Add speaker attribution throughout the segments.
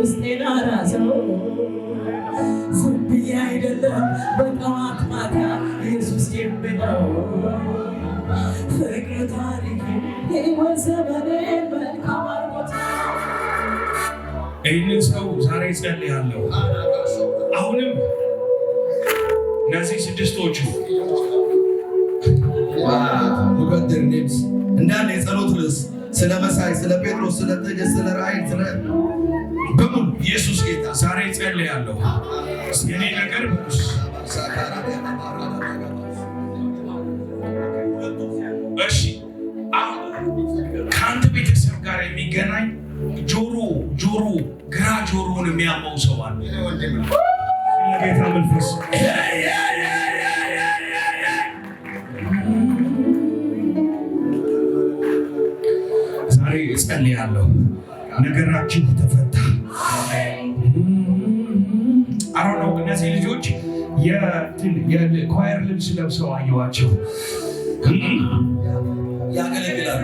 Speaker 1: ውስጤን አራሰው ዝም ብዬ አይደለም በጠዋት ማታ ኢየሱስ የምለው ፍቅር ታሪክ ሕይወት ዘመኔ መልካም አርጎታ ይህንን ሰው ዛሬ ጸልያለሁ። አሁንም እነዚህ ስድስቶቹ ሙቀድር ኔምስ እንዳለ የጸሎት ርዕስ ስለ መሳይ፣ ስለ ጴጥሮስ፣ ስለ ተጀ፣ ስለ ራእይ፣ ስለ ኢየሱስ ጌታ ዛሬ ጸልያለሁ። የኔ ነገር እሺ፣ ከአንተ ቤተሰብ ጋር የሚገናኝ ጆሮ ጆሮ ግራ ጆሮውን የሚያመው ሰው አለ። ጌታ መንፈስ ዛሬ ጸልያለሁ ነገራችሁ ልብስ ለብሰው አየዋቸው። ያገለግላሉ።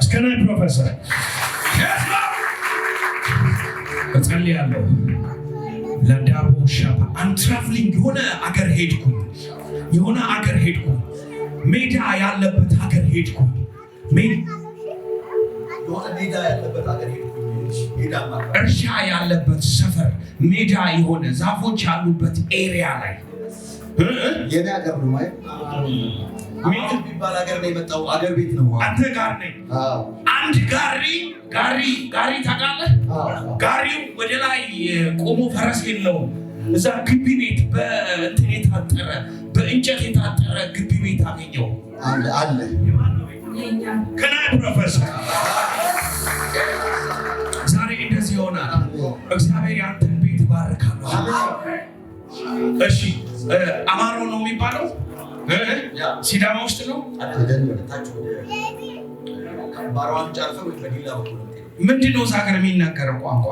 Speaker 1: እስከናይ ፕሮፌሰር እጸልያለሁ። ለዳቦ ሻፓ አንትራቭሊንግ የሆነ አገር ሄድኩ፣ የሆነ አገር ሄድኩ፣ ሜዳ ያለበት ሀገር ሄድኩ፣ እርሻ ያለበት ሰፈር ሜዳ የሆነ ዛፎች ያሉበት ኤሪያ ላይ የኔ ሀገር ነው የሚባል ሀገር ነው የመጣው። አገር ቤት ነው። አንተ ጋር ነኝ። አንድ ጋሪ ጋሪ ጋሪ ታውቃለህ? ጋሪው ወደ ላይ ቆሞ ፈረስ የለውም። እዛ ግቢ ቤት በእንትን የታጠረ በእንጨት የታጠረ ግቢ ቤት አገኘው አለ ከናይ ፕሮፌሰር እሺ አማሮ ነው የሚባለው ሲዳማ ውስጥ ነው። ምንድን ነው እዛ ሀገር የሚናገረው ቋንቋ?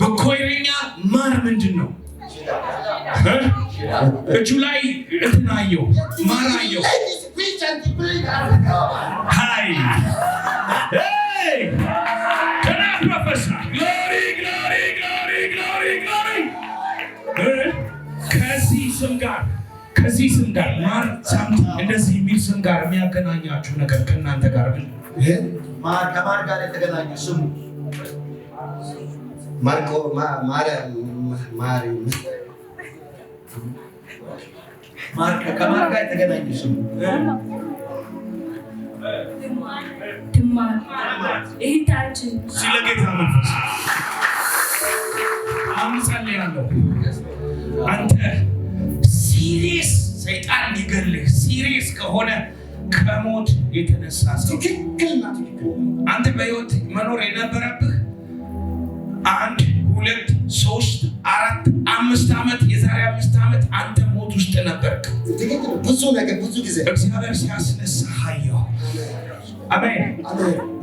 Speaker 1: በኮይሬኛ ማር ምንድን ነው? እጁ ላይ እንትን አየሁ፣ ማር አየሁ። ሃይ ተናፕሮፌሰር ከዚህ ስም ጋር ማር እንደዚህ የሚል ስም ጋር የሚያገናኛችሁ ነገር ከእናንተ ጋር ምን? ከማር ጋር የተገናኘ ስሙ ማርቆ ከማር ጋር የተገናኘ ስሙ ይህታችን ስለ ጌታ መንፈስ አምሳሌ ያለው አንተ ሲሪየስ ሰይጣን ሊገልህ ሲሪየስ ከሆነ ከሞት የተነሳ ሰው አንተ በህይወት መኖር የነበረብህ አንድ ሁለት ሶስት አራት አምስት ዓመት የዛሬ አምስት ዓመት አንተ ሞት ውስጥ ነበርክ። ብዙ ነገር ብዙ ጊዜ እግዚአብሔር ሲያስነሳ አየሁ። አሜን።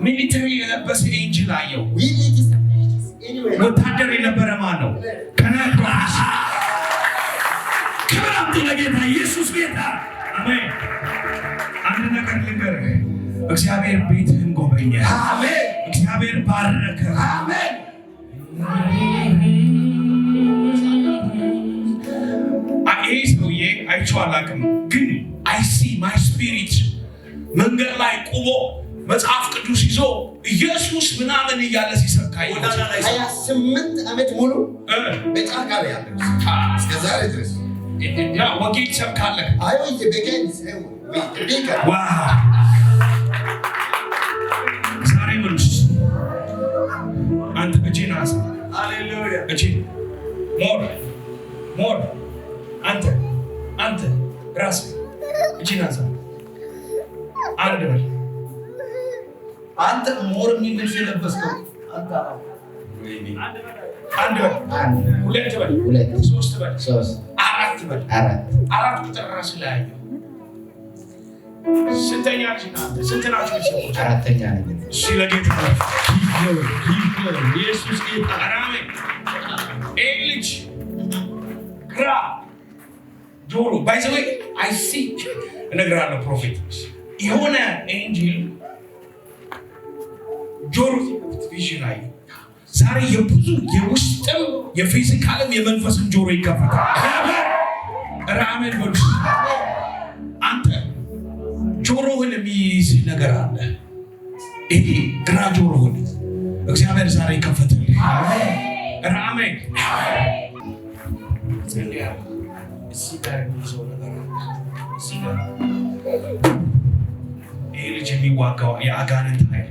Speaker 1: ሚሊተሪ የለበሰ ኤንጅል አየሁ። ወታደር የነበረ ማን ነው? ከነ ለጌታ ኢየሱስ ጌታ አሜን። አንድ ነገር ልንገርህ፣ እግዚአብሔር ቤትህን ጎበኘ። አሜን። እግዚአብሔር ባረከ። አሜን። ይህ ሰውዬ አይቼው አላውቅም፣ ግን አይ ሲ ማይ ስፒሪት መንገድ ላይ ቁሞ መጽሐፍ ቅዱስ ይዞ ኢየሱስ ምናምን እያለ ሲሰብክ ሀያ ስምንት ዓመት ሙሉ በጫካ ላይ ያለ ድረስ ወንጌል ትሰብካለህ። ዛሬ መንሱስ አንተ እጄን አሳ እጄ ሞር ሞር አንተ አንተ ራስ እጄን አሳ አንድ በል አንተ ሞር የሚል ልብስ የለበስከው አንድ በል ሁለት በል ሶስት በል ሶስት አራት ይበል አራት ቁጥር ራስ ላይ ስንተኛ አራተኛ ነኝ እሺ ለጌታ ኢየሱስ ጌታ አራሜ ልጅ ግራ ጆሮ ባይዘዌ አይሲ ፕሮፌት የሆነ ኤንጅል ጆሮ ቪዥን አየ ዛሬ የብዙ የውስጥም የፊዚካልም የመንፈስም ጆሮ ይከፈታል ራመን በሉ። አንተ ጆሮህን የሚይዝ ነገር አለ። ይሄ ግራ ጆሮህን እግዚአብሔር ዛሬ ይከፈትልህ። ራመን ይህ ልጅ የሚዋጋው የአጋንንት ኃይል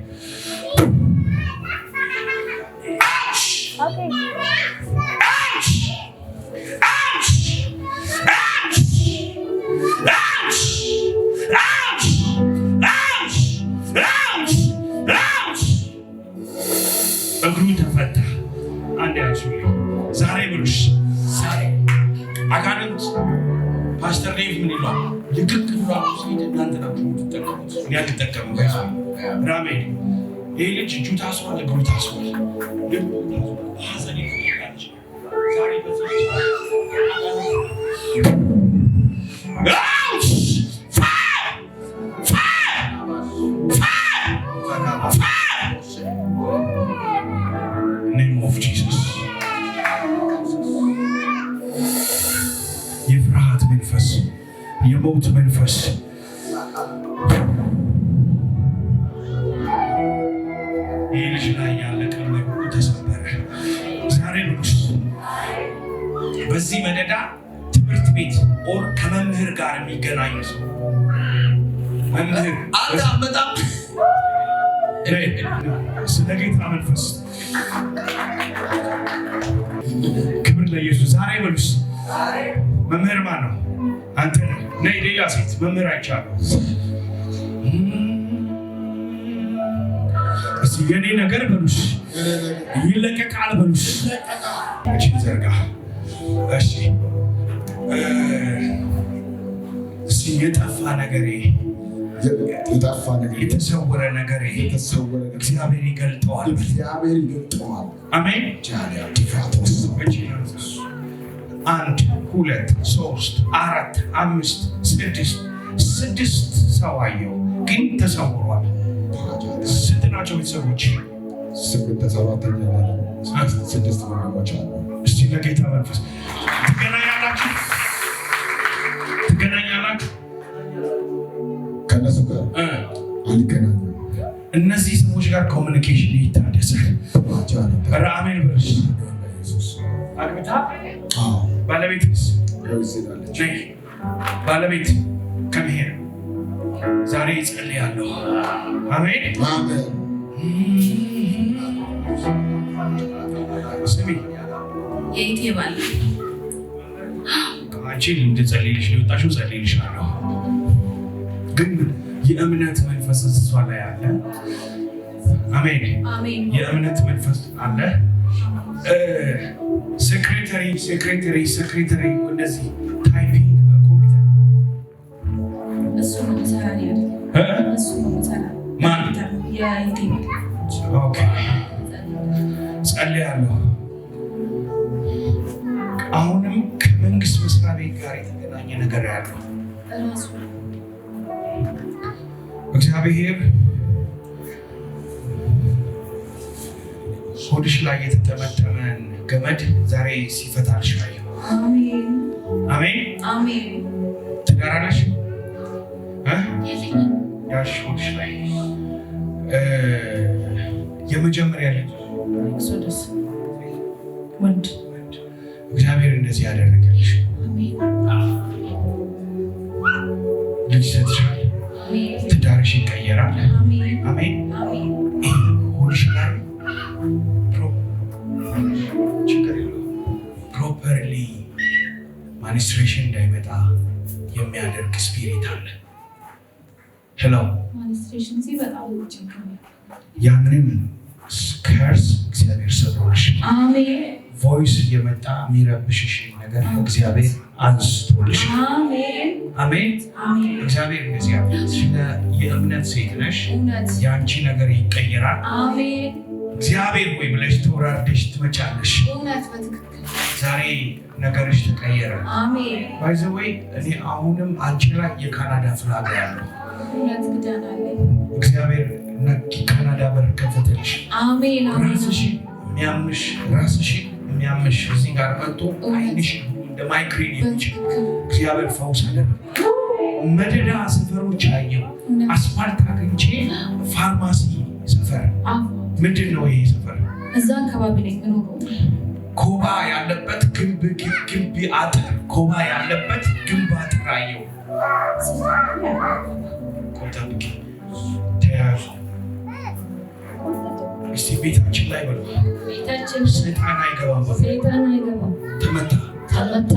Speaker 1: ታስሯል፣ እግሩ ታስሯል፣ ልቡ ታስሯል፣ ሐዘን በዚህ መደዳ ትምህርት ቤት ኦር ከመምህር ጋር የሚገናኙ ስለ ጌታ መንፈስ ክብር ለኢየሱስ። ዛሬ በሉስ መምህር ማን ነው? አንተ ነይ። ሌላ ሴት መምህር አይቻለሁ። የኔ ነገር በሉስ ይለቀቃል። በሉስ ዘርጋ እሺ እሺ የጠፋ ነገሬ የጠፋ ነገር የተሰወረ ነገር የተሰወረ እግዚአብሔር ይገልጠዋል። እግዚአብሔር ይገልጠዋል። አሜን። አንድ ሁለት ሶስት አራት አምስት ስድስት ስድስት ሰው አየሁ ግን ተሰውሯል። ስንት ናቸው ቤተሰቦች? ስድስት ወንድሞች አሉ በጌታ መንፈስ ትገናኛላችሁ፣ ትገናኛላችሁ። ከነሱ ጋር አልገናኙ እነዚህ ሰዎች ጋር ኮሚኒኬሽን ይታደሳል። ራሜን በርሽ አግብታ ባለቤት ባለቤት ከመሄድ ዛሬ ይጸልያለሁ። አሜን። ስሚ የእቴ ባል አንቺ እንድጸልይልሽ ሊወጣሽው ጸልይልሻለሁ፣ ግን የእምነት መንፈስ እሷ ላይ አለ። አሜን። የእምነት መንፈስ አለ። ሴክሬተሪ ሴክሬተሪ ሴክሬተሪ እንደዚህ ታይፒንግ በኮምፒውተር እሱ ማን ጸልያለሁ የተገናኘ ነገር ያለው እግዚአብሔር ሆድሽ ላይ የተጠመጠመን ገመድ ዛሬ ሲፈታልሽ ላይ አሜን። ትዳራለሽ ያሽ ሆድሽ ላይ የመጀመሪያ ልጅ እግዚአብሔር እንደዚህ ያደረገልሽ ልጅ ሰጥሻል። ትዳርሽ ይቀየራል። አሜን። ይህ ላይ ፕሮፐርሊ ማኒስትሬሽን እንዳይመጣ የሚያደርግ ስፒሪት አለ። ሄሎ ያንን ከርስ እግዚአብሔር ሰጥቶልሽ ቮይስ እየመጣ የሚረብሽሽ ነገር እግዚአብሔር አንስቶልሽ። አሜን። እግዚአብሔር እንደዚህ ያለ የእምነት ሴት ነሽ። የአንቺ ነገር ይቀየራል። እግዚአብሔር ወይ ብለሽ ተወራርደሽ ትመጫለሽ። ዛሬ ነገርሽ ተቀየረ። ባይዘወይ እኔ አሁንም አንቺ ላይ የካናዳ ፍላጋ ያለው እግዚአብሔር ካናዳ በር ከፈተልሽ። ራስሽ የሚያምሽ ራስሽ የሚያምሽ እዚህ ጋር መጥቶ አይንሽ እንደ ማይግሬኖች እግዚአብሔር ፈውስ አደረገ። መደዳ ሰፈሮች አየሁ። አስፋልት አግኝቼ ፋርማሲ ሰፈር ምንድን ነው ይሄ ሰፈር? እዛ አካባቢ ላይ ኮባ ያለበት ግንብ ግንብ አጥር ኮባ ያለበት ግንብ አጥር አየሁ። እስቲ ቤታችን ላይ በሉ ሰይጣን አይገባም፣ ተመታ ተመታ።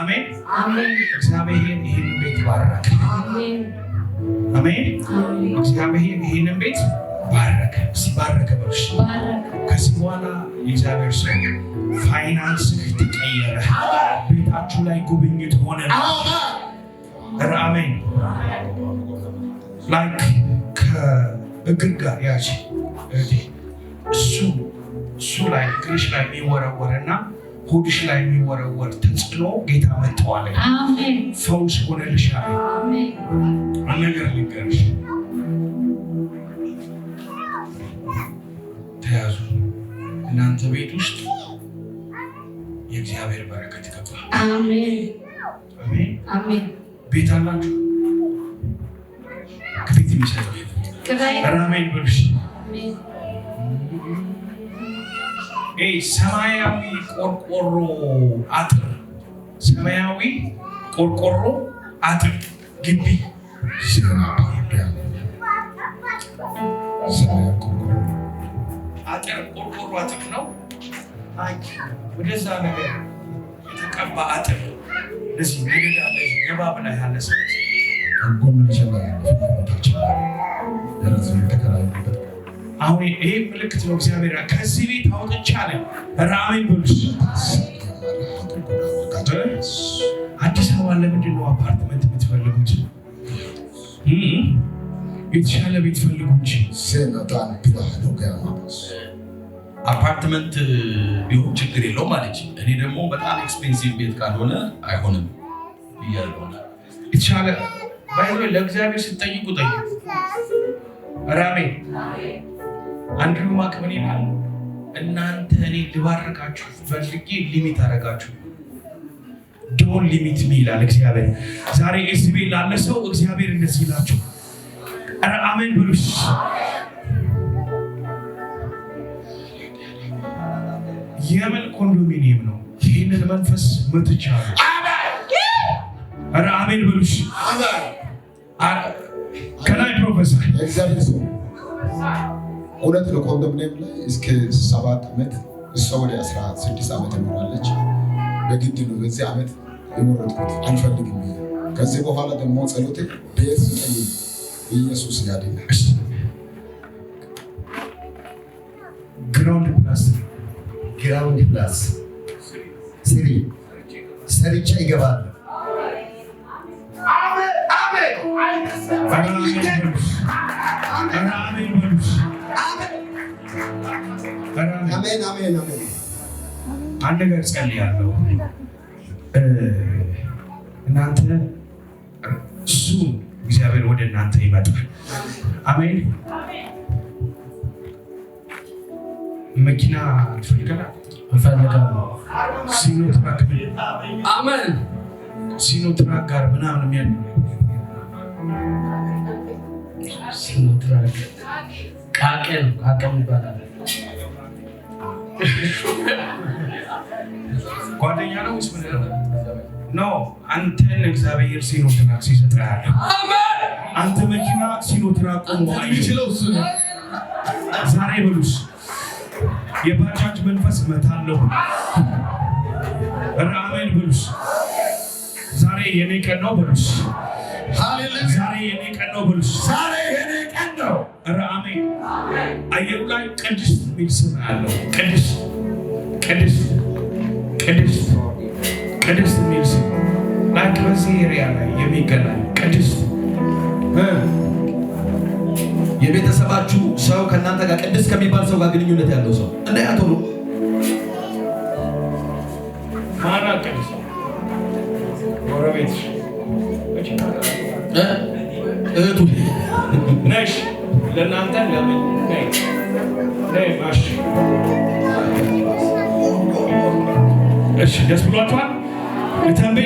Speaker 1: አሜን አሜን። እግዚአብሔር ይህን ቤት ባረከ። አሜን አሜን። እግዚአብሔር ይህን ቤት ባረከ። ሲባረከ በሽ ከዚህ በኋላ የእግዚአብሔር ሰው ፋይናንስህ ተቀየረ። ቤታችሁ ላይ ጉብኝት ሆነ። አሜን ላይክ ከእግር ጋር ያች እሱ እሱ ላይ እግርሽ ላይ የሚወረወረና ሆድሽ ላይ የሚወረወር ተጽዕኖ ጌታ መጥተዋል። ፈውስ ሆነልሻል። አነገር ልንገርሽ፣ ተያዙ። እናንተ ቤት ውስጥ የእግዚአብሔር በረከት ይገባል። ቤት አላችሁ ግፊት የሚሰጠው ራሜን ብሉሽ ይሄ ሰማያዊ ቆርቆሮ አጥር ሰማያዊ ቆርቆሮ አጥር ግቢ አጥር ቆርቆሮ አጥር ነው። አይ ወደዛ ነገር የተቀባ አጥር እንደዚህ መደዳ ላይ ገባ ብላ ያለ ሰ ጎመ ተከራዩበት አሁን ይህ ምልክት ነው። እግዚአብሔር ከዚህ ቤት አውጥቻለሁ። ራሜን ብሉስ አዲስ አበባ ለምንድን ነው አፓርትመንት የምትፈልጉት? የተሻለ ቤት ፈልጉ እንጂ አፓርትመንት ቢሆን ችግር የለው ማለች። እኔ ደግሞ በጣም ኤክስፔንሲቭ ቤት ካልሆነ አይሆንም እያልሆነ የተሻለ ባይሆ ለእግዚአብሔር ስትጠይቁ ጠይቁ ራሜ አንድሪው ማክ ምን ይላል? እናንተ እኔ ልባርካችሁ ፈልጌ ሊሚት አደረጋችሁ። ዶን ሊሚት ሚ ይላል እግዚአብሔር። ዛሬ ኤስቤ ላለ ሰው እግዚአብሔር እንደዚህ ይላችሁ። ኧረ አሜን ብሉሽ። የምን ኮንዶሚኒየም ነው? ይህንን መንፈስ መትቻለሁ። ኧረ አሜን ብሉሽ። ከላይ ፕሮፌሰር እውነት በኮንዶሚኒየም ላይ እስከ ሰባት ዓመት እሷ ወደ አስራ ስድስት ዓመት ይኖራለች። በግድ ነው በዚህ ዓመት የመረጥኩት አልፈልግም። ከዚህ በኋላ ደግሞ ጸሎት ቤት ኢየሱስ ያድናል። ግራውንድ ፕላስ ግራውንድ ፕላስ ስሪ ሰርቻ ይገባል። አንድ ነገር ጸልያለሁ። እናንተ እሱ እግዚአብሔር ወደ እናንተ ይመጣል። አሜን። መኪና ትፈልገናል እፈልጋለሁ። ሲኖትራክ አሜን። ሲኖትራክ ጋር ምናምን የሚያ ሲኖትራክ ቃቄል ቃቄል ይባላል ጓደኛ ነው ስ ኖ አንተን እግዚአብሔር ሲኖትራ ሲሰጥሃል። አንተ መኪና ሲኖትራ ቆሞ ዛሬ ብሉስ የባጃጅ መንፈስ መታለሁ። ራሜን ብሉስ ዛሬ የኔ ቀን ነው ብሉስ ዛሬ የኔ ቀን ነው ብሉስ ነው። ኧረ አሜን። አየሩ ላይ ቅድስት የሚል ስም ያለው ቅድስት ቅድስት ቅድስት ቅድስት የሚል ስም ላይክ በዚህ ኤሪያ ላይ የሚገናኝ ቅድስት የቤተሰባችሁ ሰው ከእናንተ ጋር ቅድስት ከሚባል ሰው ጋር ግንኙነት ያለው ሰው ያ ቶሎ ማራ ቅድስት ጎረቤት እህቱ ነሽ ለእናንተ ለምን እሺ፣ ደስ ብሏችኋል? ልተንቤ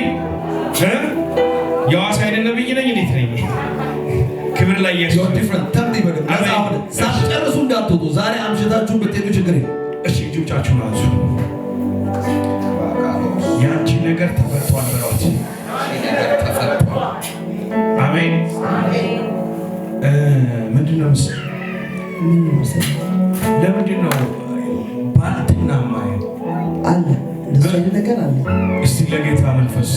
Speaker 1: የዋሳ አይነት ነብይ ነኝ። እንዴት ነኝ? ክብር ላይ ሳትጨርሱ እንዳትወጡ። ዛሬ አምሽታችሁን ብትሄዱ ችግር የለም። እሺ፣ እጆቻችሁን አንሱ። ያንቺ ነገር ተፈቷል። ምንድነው ለምንድነው ባልትና ማየ አለ ነገር አለ። እስቲ ለጌታ መንፈስ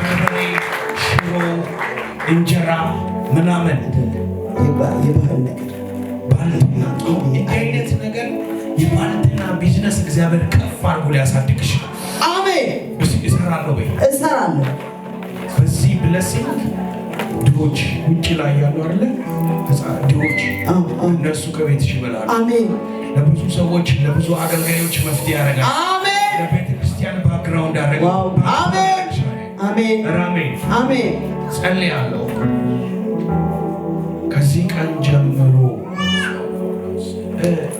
Speaker 1: በርበሬ፣ ሽሮ፣ እንጀራ ምናምን የባህል ነገር ባልትና አይነት ነገር የባልትና ቢዝነስ እግዚአብሔር ከፍ አድርጎ ሊያሳድግሽ አሜን። እሰራለሁ እሰራለሁ በዚህ ብለሲንግ ድሆች ውጭ ላይ ያሉ አለ ድሆች እነሱ ከቤትሽ ይበላሉ። አሜን። ለብዙ ሰዎች ለብዙ አገልጋዮች መፍትሄ ያደርጋል። አሜን። ለቤተ ክርስቲያን ባክግራውንድ ያደርጋል። አሜን። አሜን። አሜን። አሜን። ጸልያለሁ። ከዚህ ቀን ጀምሮ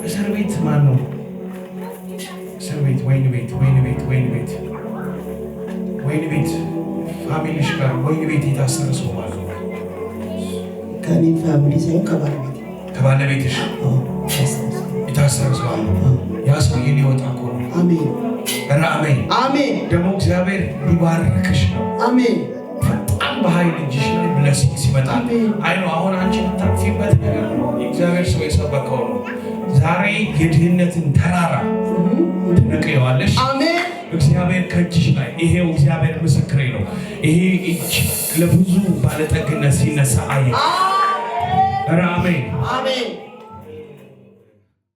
Speaker 1: እስር ቤት ማን ነው? እስር ቤት፣ ወይን ቤት፣ ወይን ቤት፣ ወይን ቤት፣ ወይን ቤት ፋሚሊሽ ጋር ወይን ቤት የታሰረ ሰው ከኔ ፋሚሊ ሳይሆን ከባለቤት ከባለቤትሽ የታሰረ ይታስታውሰዋል። ያ ሰው ይህን ይወጣ እኮ ነው። አሜን ራ አሜን አሜን። ደግሞ እግዚአብሔር ሊባርክሽ ነው። አሜን። በጣም በኃይል እጅሽ ላይ ብለሲንግ ሲመጣ አይ ነው አሁን አንቺ የምታርፊበት ነገር ነው። የእግዚአብሔር ሰው የሰበከው ነው። ዛሬ የድህነትን ተራራ ትንቅየዋለሽ። አሜን። እግዚአብሔር ከእጅሽ ላይ ይሄው፣ እግዚአብሔር ምስክሬ ነው። ይሄ እጅ ለብዙ ባለጠግነት ሲነሳ አየ Amen. Amen.